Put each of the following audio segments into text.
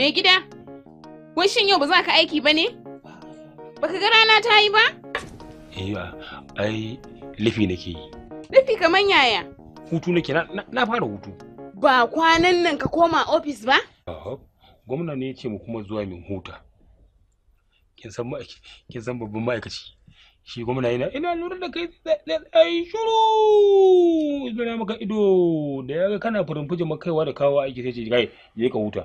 Me gida? Wai shin yau ba za ka aiki ba ne? Baka ga rana ta yi ba? Eh ai lifi nake yi. Lifi kaman yaya? Hutu nake na fara hutu. Ba kwanan nan ka koma ofis ba? Gwamna ne ya ce mu kuma zuwa min huta. Kin san kin san babban ma'aikaci. Shi gwamna yana ina lura da kai ai shiru. Zura maka ido da ya ga kana furin fuje makaiwa da kawo aiki sai ce kai je ka huta.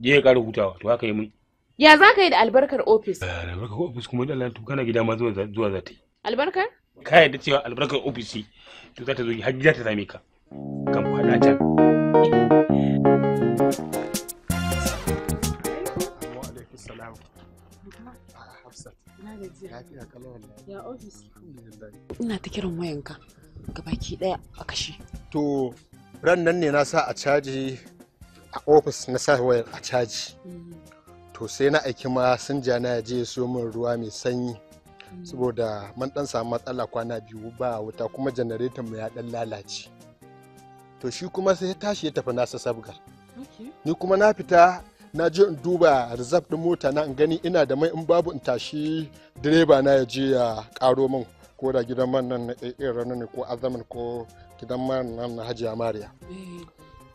je ya ƙara hutawa to haka yi mun ya za ka yi da albarkar ofis eh, albarkar ofis kuma da lantu kana gida ma zuwa za ta yi albarkar ka yarda cewa albarkar ofis ce to za ta zo har gida ta same ka kan kwana can ina ta kiran wayanka gabaki daya a kashe to ran nan ne na sa a caji a ofis na sa wayar a caji mm-hmm. to sai na aiki ma sun ja na je so min ruwa mai sanyi mm-hmm. saboda man dan samu matsala kwana biyu ba wuta kuma janareta mu ya dan lalace to shi kuma sai ya tashi ya tafi nasa sabgar ni kuma na fita na je in duba rizab din mota na in gani ina da mai in babu in tashi direba na ya je ya karo min ko da gidan man nan na ranar ne ko azamin ko gidan man nan na hajiya mariya eh.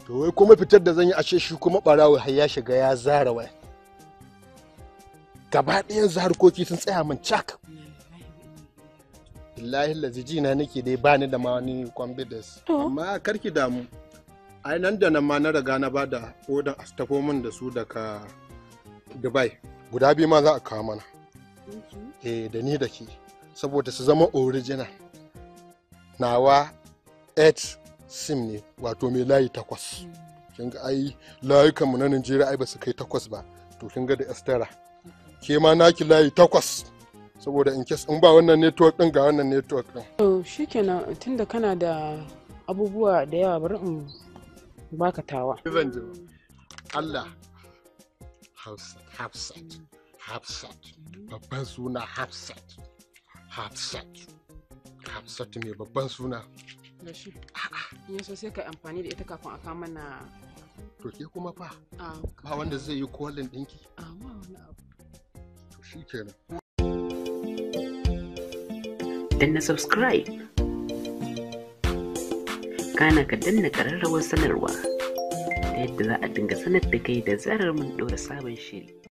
to wai kuma fitar da zan yi ashe shi kuma barawo har ya shiga ya zara waya gaba ɗayan harkoki sun tsaya min cak illahi laziji na nake dai bani da ma wani confidence amma karki damu ai nan da nan ma na riga na bada odan a tafo min da su daga dubai guda biyu ma za a kawo mana eh da ni da ke saboda su zama original nawa 8 sim ne wato mai layi takwas kin ga ai layukan mu na Najeriya ai ba su kai takwas ba to kin ga da estera ke ma naki layi takwas saboda in kes in ba wannan network din ga wannan network din to shikenan tunda kana da abubuwa da yawa bari in baka tawa zan ji Allah Hafsat Hafsat babban suna Hafsat Hafsat Hafsat mai babban suna yin so sai ka amfani da ita kafin a kama mana. to ke kuma fa ah, ba wanda zai yi kolin dinki amma ah, wani abu shi kenan na subscribe kana ka danna kararrawar sanarwa ta yadda za a dinga sanar da kai da zarar mun ɗora sabon shiri